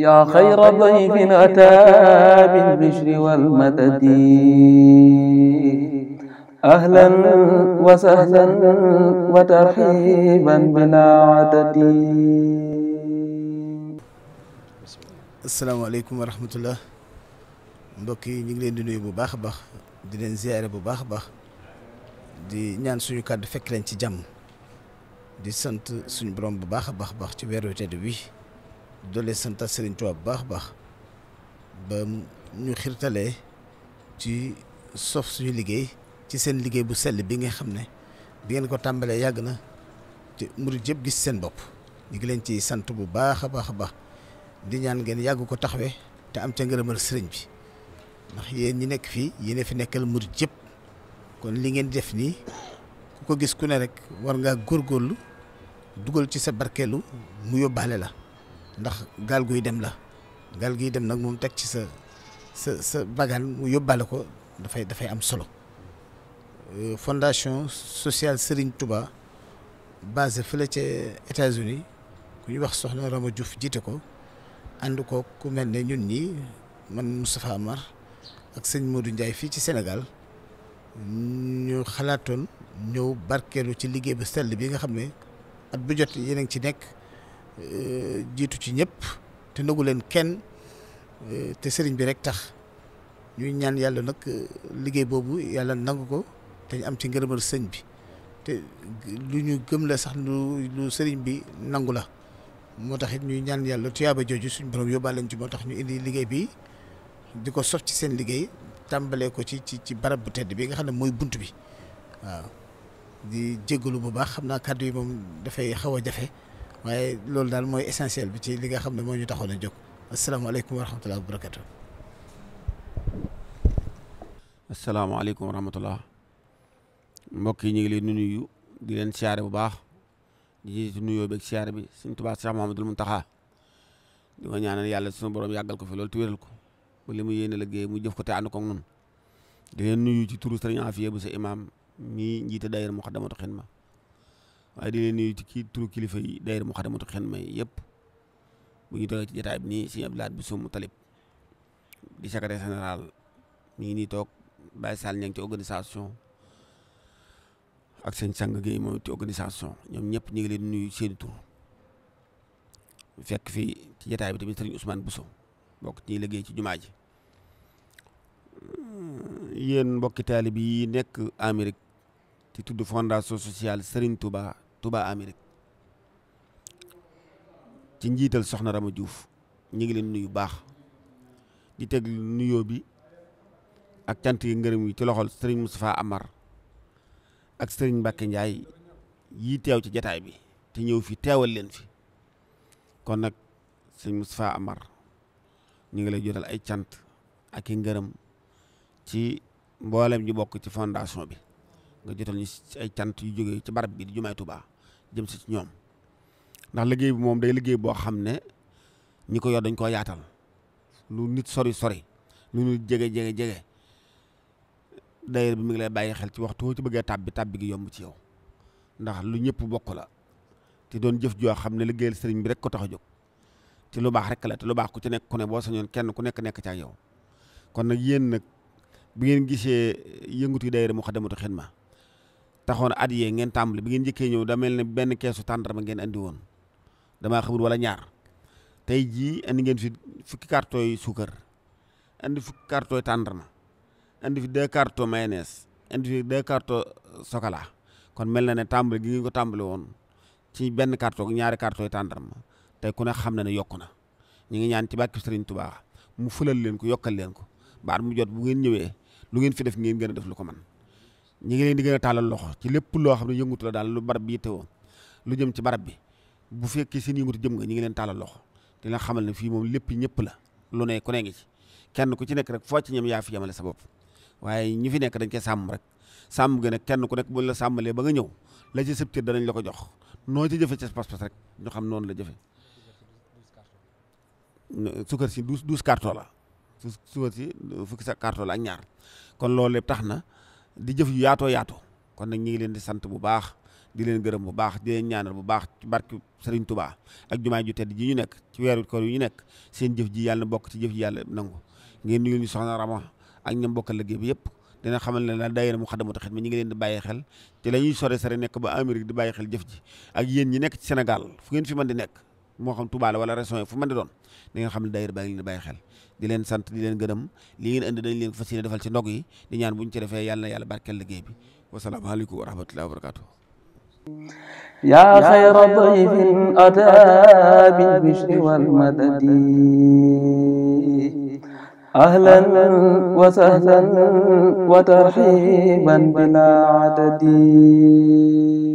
yaa xayra dayfin ataa bil bishri wal madadi ahlan wa sahlan wa tarxiiban bilaa adadi. asalaamaaleykum wa rahmatullah mbokk yi ñu ngi leen di nuyu bu baax a baax di leen ziyaare bu baax a baax di ñaan suñu kàddu fekk leen ci jàmm di sant suñu borom bu baax a baax baax ci weeru tedd wi. doole santa sëriñ Touba bu baax baax ba ñu xirtalee ci sof suñu liggéey ci seen liggéey bu sell bi nga xam ne bi ngeen ko tàmbalee yàgg na te murid yëpp gis seen bopp ñu ngi ci sant bu baax a baax a baax di ñaan ngeen yàgg ko taxawee te am ca ngërëmal sëriñ bi ndax yéen ñi nekk fii yéen fi nekkal murid yëpp kon li ngeen def nii ku ko gis ku ne rek war ngaa góor góorlu dugal ci sa barkeelu mu yóbbaale la ndax gaal guy dem la gaal guy dem nag moom teg ci sa sa sa bagaan mu yóbbaale ko dafay dafay am solo euh, fondation sociale sëriñ tuba basé fële ca États-Unis ku ñuy wax soxna Rama jiite ko ànd ko ku mel ne ñun nii man Moustapha Amar ak sëñ Modou Ndiaye fii ci senegal ñu xalaatoon ñëw barkeelu ci liggéey bu sell bi nga xam ne at bu jot yéen a ngi ci nekk. Euh, jiitu ci ñëpp te nagu leen kenn euh, te sëriñ bi rek tax ñuy ñaan yàlla nag euh, liggéey boobu yàlla nangu ko te ñu am ci ngërëmal sëñ bi te lu ñu gëm la sax lu lu sëriñ bi nangu la moo tax it ñuy ñaan yàlla tuyaaba jooju suñu borom yóbbaale leen ci moo tax ñu indi liggéey bi di ko sof ci seen liggéey tàmbalee ko ci ci ci barab bu tedd bi nga xam ne mooy bunt bi waaw di jéggalu bu baax xam naa kàddu yi moom dafay xaw a jafe. waaye loolu daal mooy essentiel bi ci li nga xam ne moo ñu taxoon a jóg asalaamaaleykum wa rahmatulah wa barakatu. asalaamaaleykum wa rahmatulah yi ñu ngi leen di nuyu di leen siyaare bu baax di jiitu nuyoo beeg siyaare bi Sëriñ Tuubaa Séex Muhammadul Muntaxaa di ko ñaanal yàlla suñu borom yàggal ko fi loolu te ko ba li mu yéene liggéey mu jëf ko te ànd ko ak noonu di leen nuyu ci turu Sëriñ Afiya bu sa imaam mii njiite daayira Muxaddamatul Xidma waaye di leen nuyu ci kii turu kilifa yi daayira Moukhaddamatoul Khidma yëpp bu ñu toogee ci jotaay bi nii Sëriñ Abdou Lahad Bousso Moutalib di secrétaire général mi ngi nii toog Baye Sall ña ngi ci organisation ak seen sang gi moom ci organisation ñoom ñëpp ñu ngi leen nuyu seen tur fekk fii ci jotaay bi tamit Serigne Ousmane Bousso bokk ci ñuy liggéey ci jumaa ji yéen mbokki taalib yi nekk Amérique ci tudd fondation sociale Serigne Touba Touba Amérique ci njiital soxna Rama Diouf ñu ngi leen nuyu baax di teg nuyoo bi ak cant yi ngërëm yi ci loxol Serigne Moustapha Amar ak Serigne Mbacke njaay yi teew ci jataay bi te ñëw fi teewal leen fi kon nag Serigne Moustapha Amar ñu ngi lay jotal ay cant ak i ngërëm ci mboolem ji bokk ci fondation bi nga jotal ñu ci ay cant yu jógee ci barab bi di jumaay Tuubaa jëm si ci ñoom ndax liggéey bi moom day liggéey boo xam ne ñi ko yor dañ koo yaatal lu nit sori sori lu nit jege jege jege daayira bi mi ngi lay bàyyi xel ci waxtu ci bëggee tàbbi tàbbi gi yomb ci yow ndax lu ñëpp bokk la te doon jëf joo xam ne liggéeyal sëriñ bi rek ko tax a jóg te lu baax rek la te lu baax ku ci nekk ku ne boo sañoon kenn ku nekk nekk ci ak yow kon nag yéen nag bi ngeen gisee yëngutu daayira Muxaddamatul Xidma taxoon at yee ngeen tàmbali bi ngeen njëkkee ñëw da mel ne benn keesu tàndarma ngeen andi woon damaa xamul walla ñaar tey jii andi ngeen fi fukki carton yi suukar andi fukki carton yi tàndarma andi fi deux carton mayonnaise andi fi deux kon mel na ne tàmbali gi ko tàmbali woon ci benn carton ak ñaari carton yi tàndarma tey ku ne xam na ne yokku na ñu ngi ñaan ci ba Sëriñ Tuubaa mu fulal leen ko yokkal leen ko baat mu jot bu ngeen ñëwee lu ngeen fi def ngeen gën a def lu ko man ñi ngi leen di gën a loxo ci lépp loo xam ne yëngutu la daal lu barab bi yittewoo lu jëm ci barab bi bu fekkee seen yëngutu jëm nga ñi ngi leen tàllal loxo di xamal ne fii moom lépp ñëpp la lu ne ku ne ngi ci kenn ku ci nekk rek foo ci ñam yaa fi yamale sa bopp waaye ñu fi nekk dañ koy sàmm rek sàmm gi nag kenn ku nekk buñ la sàmmalee ba nga ñëw la ci sëb danañ la ko jox noo ci jëfe ci pas-pas rek ñu xam noonu la jëfe sukar si douze douze carton la sukar si fukki sa carton la ak ñaar kon loolu tax na di jëf yu yaatoo yaatu kon nag ñu ngi leen di sant bu baax di leen gërëm bu baax di leen ñaanal bu baax ci barke Serigne Touba ak jumaay ju tedd ji ñu nekk ci weeru koor yu ñu nekk seen jëf ji yàlla na bokk ci jëf ji yàlla nangu ngeen nuyul ñu soxna Rama ak ñam bokkal liggéey bi yëpp dina xamal ne daal daayira Moukhaddamatoul Khidma ñu ngi leen di bàyyi xel la ñuy sore sore nekk ba Amérique di bàyyi xel jëf ji ak yéen ñi nekk ci Sénégal fu ngeen fi mën di nekk moo xam Touba la wala région yi fu mën di doon di nga xam ne daayira baa ngi leen di bàyyi xel di leen sant di leen gërëm li ngeen indi dañ leen fas yéene defal ci ndog yi di ñaan bu ñu ci defee yàlla na yàlla barkeel liggéey bi wasalaamaaleykum wa rahmatullahi wa barakatuh yaa xayra dayfin ataa bil bishri wal madadi